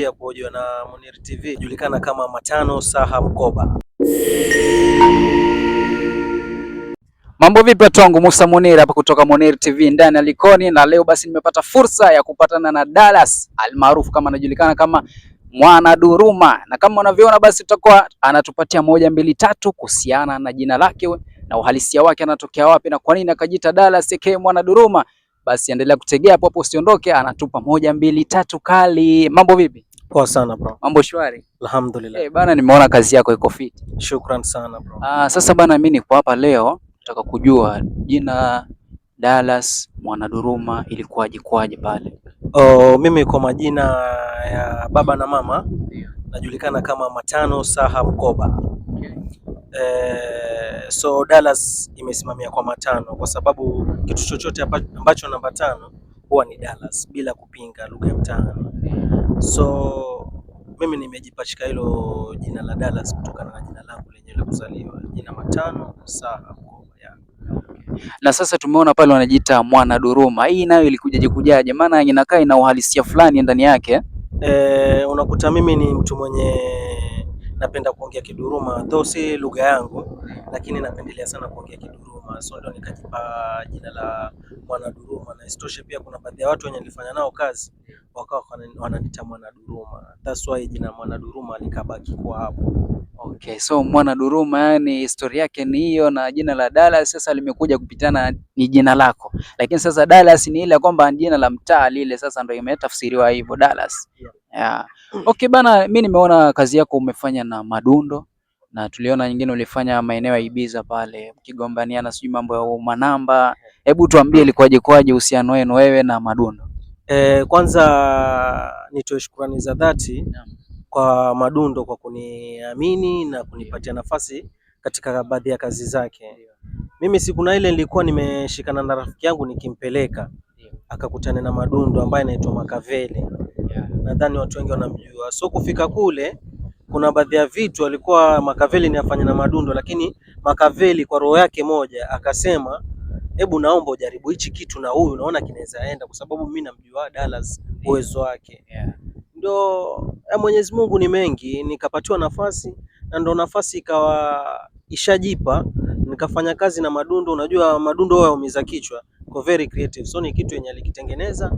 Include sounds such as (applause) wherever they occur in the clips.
ya kuhojiwa na Munir TV julikana kama Matano Saha Mkoba. Mambo vipi watu wangu, Musa Munir hapa kutoka Munir TV ndani ya Likoni, na leo basi nimepata fursa ya kupatana na Dallas almaarufu kama anajulikana kama Mwana Duruma, na kama unavyoona basi tutakuwa anatupatia moja mbili tatu kuhusiana na jina lake na uhalisia wake, anatokea wapi na kwa nini akajiita Dallas aka Mwana Duruma. Basi endelea kutegea hapo hapo, usiondoke. Anatupa moja mbili tatu kali. Mambo vipi? Poa sana bro. Mambo shwari? Alhamdulillah. Hey, eh, bana nimeona kazi yako iko fit. Shukran sana bro. Ah, sasa bana mimi niko hapa leo nataka kujua jina Dallas Mwanaduruma ilikuwaje kwaje pale? Oh, mimi kwa majina ya baba na mama yeah, najulikana kama Matano Saha Mkoba. Okay. Eh, so Dallas imesimamia kwa matano kwa sababu kitu chochote ambacho namba tano huwa ni Dallas bila kupinga lugha ya mtaani. So mimi nimejipachika hilo jina la Dallas kutokana na jina langu lenye la kuzaliwa, jina matano saa na sasa tumeona pale wanajiita mwana Duruma. Hii nayo ilikujaje kujaje? Maana inakaa ina uhalisia fulani ndani yake. E, unakuta mimi ni mtu mwenye napenda kuongea Kiduruma, though si lugha yangu, lakini napendelea sana kuongea Kiduruma, so ndio nikajipa jina la Mwanaduruma. Na isitoshe pia kuna baadhi ya watu wenye nilifanya nao kazi wakawa wananiita Mwanaduruma, that's why jina Mwanaduruma likabaki kwa hapo. Okay, so Mwana Duruma yani historia yake ni hiyo, na jina la Dallas sasa limekuja kupitana ni jina lako, lakini sasa Dallas ni ile kwamba jina la mtaa lile, sasa ndio imetafsiriwa hivyo Dallas. Yeah. Yeah. Okay bana, mimi nimeona kazi yako umefanya na Madundo na tuliona nyingine ulifanya maeneo ya Ibiza pale mkigombaniana sijui mambo ya manamba. Hebu tuambie ilikuwaje, kwaje uhusiano wenu wewe na Madundo? Eh, kwanza nitoe shukrani za dhati yeah kwa Madundo kwa kuniamini na kunipatia nafasi katika baadhi ya kazi zake. Mimi siku na ile nilikuwa nimeshikana na rafiki yangu nikimpeleka akakutana na Madundo ambaye anaitwa makavele nadhani watu wengi wanamjua. So kufika kule, kuna baadhi ya vitu alikuwa Makaveli ni afanya na Madundo, lakini Makaveli kwa roho yake moja akasema, hebu naomba ujaribu hichi kitu na huyu, naona kinaweza enda, kwa sababu mimi namjua Dallas uwezo wake yeah ndo ya Mwenyezi Mungu ni mengi, nikapatiwa nafasi na ndo nafasi ikawa ishajipa, nikafanya kazi na Madundo. Unajua Madundo wao yaumiza kichwa kwa very creative, so ni kitu yenye alikitengeneza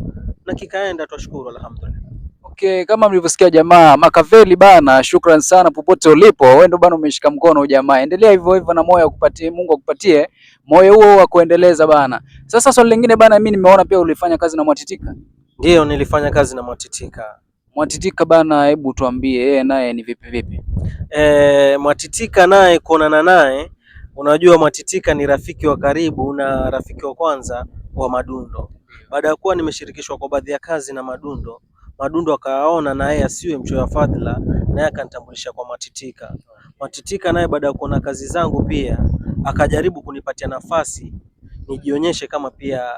na kikaenda, twashukuru alhamdulillah. Okay, kama mlivyosikia jamaa Makaveli bana, shukran sana popote ulipo. Wewe ndo bana umeshika mkono jamaa, endelea hivyo hivyo na moyo akupatie, Mungu akupatie moyo huo wa kuendeleza bana. Sasa swali lingine bana, mimi nimeona pia ulifanya kazi na Mwatitika. Ndio, nilifanya kazi na Mwatitika Mwatitika bana, hebu tuambie yeye naye ni vipi vipi? E, Mwatitika naye kuonana naye, unajua Mwatitika ni rafiki wa karibu na rafiki wa kwanza wa Madundo. Baada ya kuwa nimeshirikishwa kwa baadhi ya kazi na Madundo, Madundo akaona na yeye asiwe mchoyo wa fadhila, naye akanitambulisha kwa Mwatitika. Mwatitika naye baada ya kuona kazi zangu pia akajaribu kunipatia nafasi nijionyeshe kama pia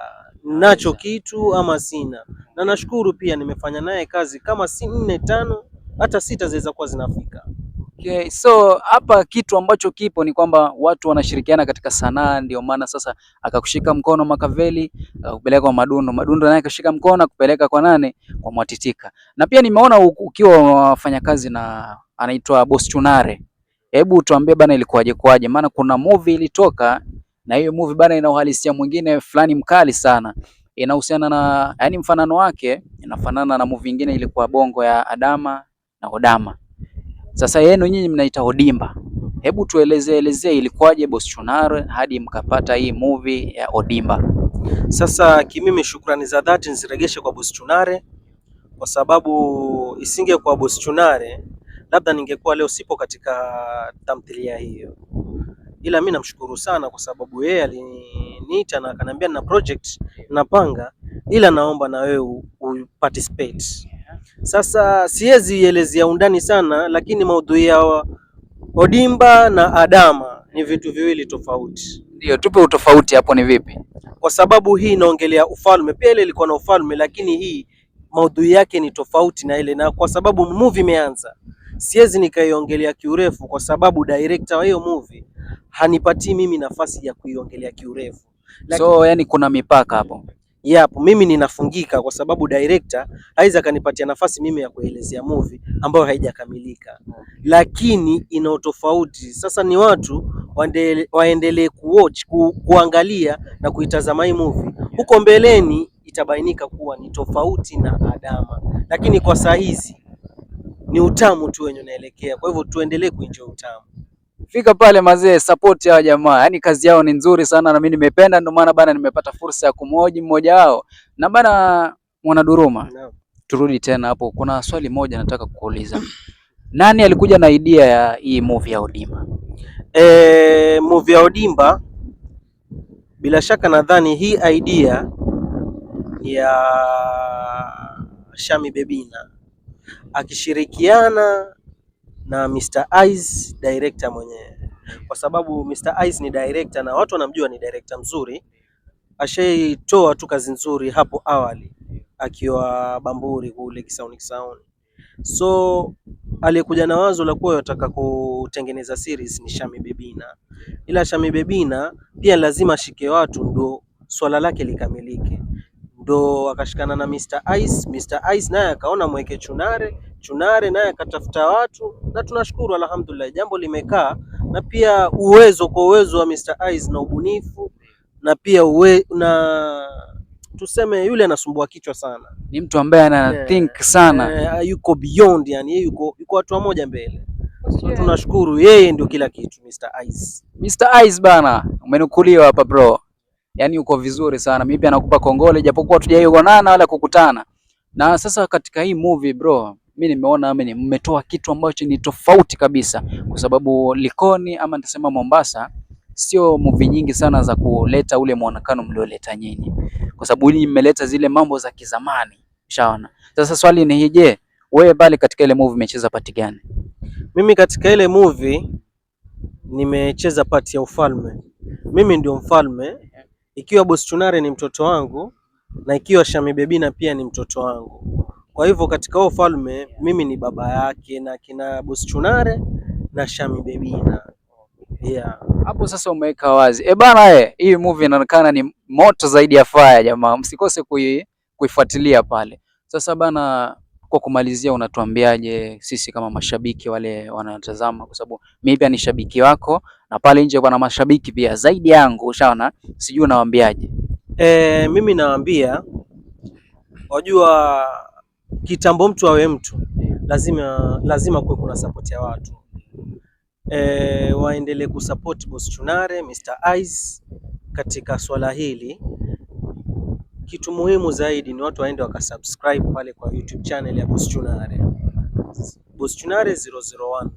nacho kitu ama sina na nashukuru pia nimefanya naye kazi kama si nne tano hata sita zinaweza kuwa zinafika. Okay, so hapa kitu ambacho kipo ni kwamba watu wanashirikiana katika sanaa, ndio maana sasa akakushika mkono Makaveli akupeleka kwa Madundo, Madundo naye akashika mkono akupeleka kwa nane kwa Mwatitika, na pia nimeona ukiwa wafanya kazi na anaitwa Boss Chunare. Hebu tuambie bana, ilikuwaje kwaje? Maana kuna movie ilitoka na hiyo movie bana ina uhalisia mwingine fulani mkali sana inahusiana na yani, mfanano wake inafanana na movie nyingine ilikuwa bongo ya Adama na Hodama. Sasa yenu nyinyi mnaita Odimba. Hebu tueleze elezee ilikuwaje Boss Chunar hadi mkapata hii movie ya Odimba? Sasa kimimi, shukrani za dhati niziregeshe kwa Boss Chunar kwa sababu isinge kwa Boss Chunar labda ningekuwa leo sipo katika tamthilia hiyo, ila mimi namshukuru sana kwa sababu yeye alini aliniita na akaniambia na project napanga, ila naomba na wewe uparticipate. Sasa siwezi elezea undani sana, lakini maudhui ya Odimba na Adama ni vitu viwili tofauti. Ndio, tupe utofauti hapo ni vipi? Kwa sababu hii inaongelea ufalme, pia ile ilikuwa na ufalme, lakini hii maudhui yake ni tofauti na ile, na kwa sababu movie imeanza, siwezi nikaiongelea kiurefu, kwa sababu director wa hiyo movie hanipatii mimi nafasi ya kuiongelea kiurefu. Lakin... so yani kuna mipaka hapo. Yapo, mimi ninafungika kwa sababu director haiza akanipatia nafasi mimi ya kuelezea movie ambayo haijakamilika, lakini ina utofauti. Sasa ni watu waendelee kuwatch ku, kuangalia na kuitazama hii movie, huko mbeleni itabainika kuwa ni tofauti na Adama, lakini kwa saa hizi ni utamu tu wenye unaelekea. Kwa hivyo tuendelee kuenjoy utamu. Fika pale mazee, support hawa jamaa, yaani kazi yao ni nzuri sana na mimi nimependa, ndio maana bana nimepata fursa ya kumhoji mmoja wao. Na bana Mwanaduruma, no. Turudi tena hapo, kuna swali moja nataka kukuuliza. (clears throat) Nani alikuja na idea ya hii movie ya Odimba? E, movie ya Odimba bila shaka nadhani hii idea ya Shami Bebina akishirikiana na Mr. Eyes director mwenyewe, mm. kwa sababu Mr. Eyes ni director na watu wanamjua ni director mzuri, ashaitoa tu kazi nzuri hapo awali akiwa Bamburi kule Kisauni Kisauni. So aliyekuja na wazo la kuwa yataka kutengeneza series ni Shami Bebina, ila Shami Bebina pia lazima ashike watu ndo swala lake likamilike, ndo akashikana na Mr. Ice. Mr. Ice naye akaona mweke Chunare Chunare naye akatafuta watu na tunashukuru alhamdulillah, jambo limekaa, na pia uwezo kwa uwezo wa Mr. Eyes na ubunifu na pia uwe, na tuseme yule anasumbua kichwa sana, ni mtu ambaye ana yeah, think sana yeah, yuko beyond yani, yuko yuko hatua moja mbele so, tunashukuru yeye ndio kila kitu Mr. Eyes. Mr. Eyes bana, umenukuliwa hapa bro, yani uko vizuri sana, mimi pia nakupa kongole, japokuwa tujaionana wala kukutana na sasa katika hii movie bro mi nimeona mmetoa kitu ambacho ni tofauti kabisa, kwa sababu Likoni ama nitasema Mombasa sio muvi nyingi sana za kuleta ule muonekano mlioleta nyinyi, kwa sababu nyinyi mmeleta zile mambo za kizamani. Ushaona? Sasa swali ni je, wewe bali katika ile movie umecheza pati gani? Mimi katika ile movie nimecheza pati ya ufalme. Mimi ndio mfalme, ikiwa Boss Chunare ni mtoto wangu na ikiwa Shami Bebina pia ni mtoto wangu. Kwa hivyo katika huo ufalme mimi ni baba yake na kina Chunare na Shami Bebina. Yeah. Hapo sasa umeweka wazi. Eh, bana eh, hii movie inaonekana ni moto zaidi ya fire jamaa. Msikose kui, kuifuatilia pale. Sasa bana kwa kumalizia unatuambiaje sisi kama mashabiki wale wanatazama, kwa sababu mimi pia ni shabiki wako na pale nje kuna mashabiki pia zaidi yangu, ushaona, sijui unawaambiaje? Eh, mimi nawaambia wajua kitambo mtu awe mtu mm. lazima, lazima kuwe kuna support ya watu e, waendelee kusupport Boss Chunare Mr. Ice katika swala hili. Kitu muhimu zaidi ni watu waende wakasubscribe pale kwa YouTube channel ya Boss Chunare, Boss Chunare 001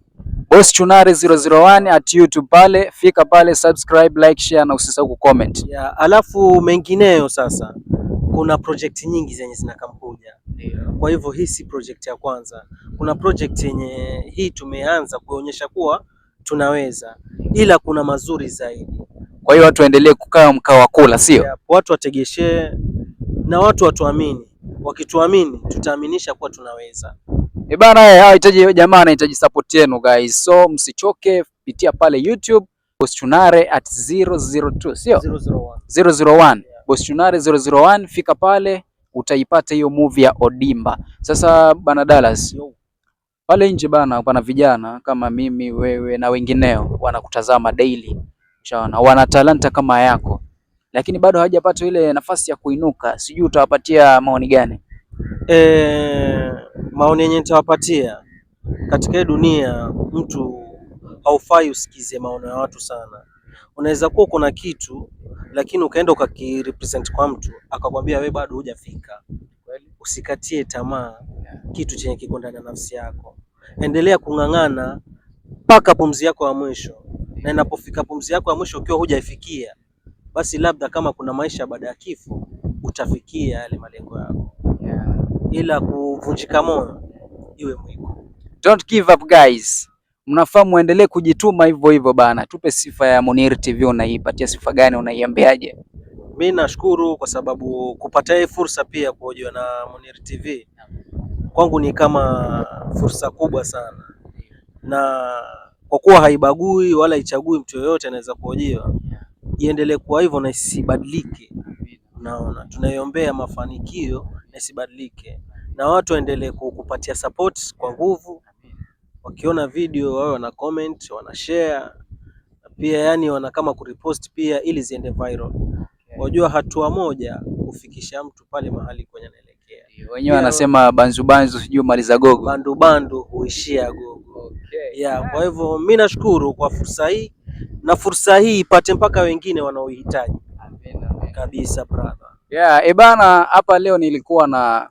Boss Chunare 001 at YouTube pale, fika pale subscribe, like, share na usisahau ku comment. Yeah, alafu mengineyo sasa kuna project nyingi zenye zinakamkuja kwa hivyo hii si project ya kwanza, kuna project yenye hii tumeanza kuonyesha kuwa tunaweza, ila kuna mazuri zaidi. Kwa hiyo watu waendelee kukaa mkao wa kula, sio watu wategeshee, na watu watuamini. Wakituamini tutaaminisha kuwa tunaweza. E bana, eh, hawahitaji eh, jamaa, anahitaji support yenu guys, so msichoke, pitia pale YouTube Boss at 002 sio 001, 001. Yeah. Boss 001, fika pale utaipata hiyo movie ya Odimba. Sasa bana Dallas, pale nje bana, pana vijana kama mimi, wewe na wengineo wanakutazama daily, chana wana talanta kama yako, lakini bado hawajapata ile nafasi ya kuinuka. Sijui utawapatia maoni gani? E, maoni yenye nitawapatia katika dunia, mtu haufai usikize maono ya watu sana unaweza kuwa uko na kitu lakini ukaenda ukakirepresent kwa mtu akakwambia we bado hujafika. Usikatie tamaa kitu chenye kiko ndani ya nafsi yako, endelea kung'ang'ana mpaka pumzi yako ya mwisho, na inapofika pumzi yako ya mwisho ukiwa hujaifikia, basi labda kama kuna maisha baada ya kifo utafikia yale malengo yako, ila kuvunjika moyo iwe mwiko. Don't give up guys mnafaa muendelee kujituma hivyo hivyo bana. Tupe sifa ya Munir TV, unaipatia sifa gani? Unaiambiaje? Mi nashukuru kwa sababu kupata hii fursa pia kuojwa na Munir TV kwangu ni kama fursa kubwa sana, na kwa kuwa haibagui wala ichagui mtu yoyote, anaweza kuojiwa. Iendelee kuwa hivyo na isibadilike. Naona tunaiombea mafanikio na isibadilike, na watu waendelee kukupatia support kwa nguvu wakiona video wawe wana comment, wana share pia yani wana kama kurepost pia ili ziende viral. Wajua hatua moja kufikisha mtu pale mahali kwenye anaelekea. Wenyewe wanasema banzu banzu sijui maliza gogo. Bandu bandu huishia gogo. Okay. Yeah, kwa hivyo mimi nashukuru kwa fursa hii na fursa hii ipate mpaka wengine wanaohitaji kabisa brother. Yeah, ebana hapa leo nilikuwa na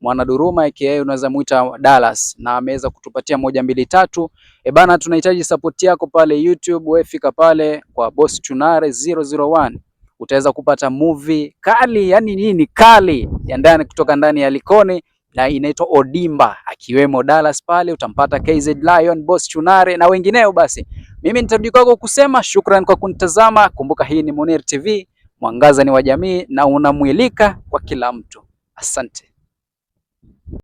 mwanaduruma aka unaweza muita Dallas, na ameweza kutupatia moja mbili tatu. E bana, tunahitaji support yako pale YouTube. Wewe fika pale kwa Boss Tunare 001 utaweza kupata movie kali, yani nini kali ya ndani kutoka ndani ya Likoni na inaitwa Odimba, akiwemo Dallas pale, utampata KZ Lion, Boss Chunare na wengineo. Basi mimi nitarudi kwako kusema shukrani kwa kunitazama. Kumbuka hii ni Munir TV, mwangaza ni wa jamii, na unamwilika kwa kila mtu. Asante.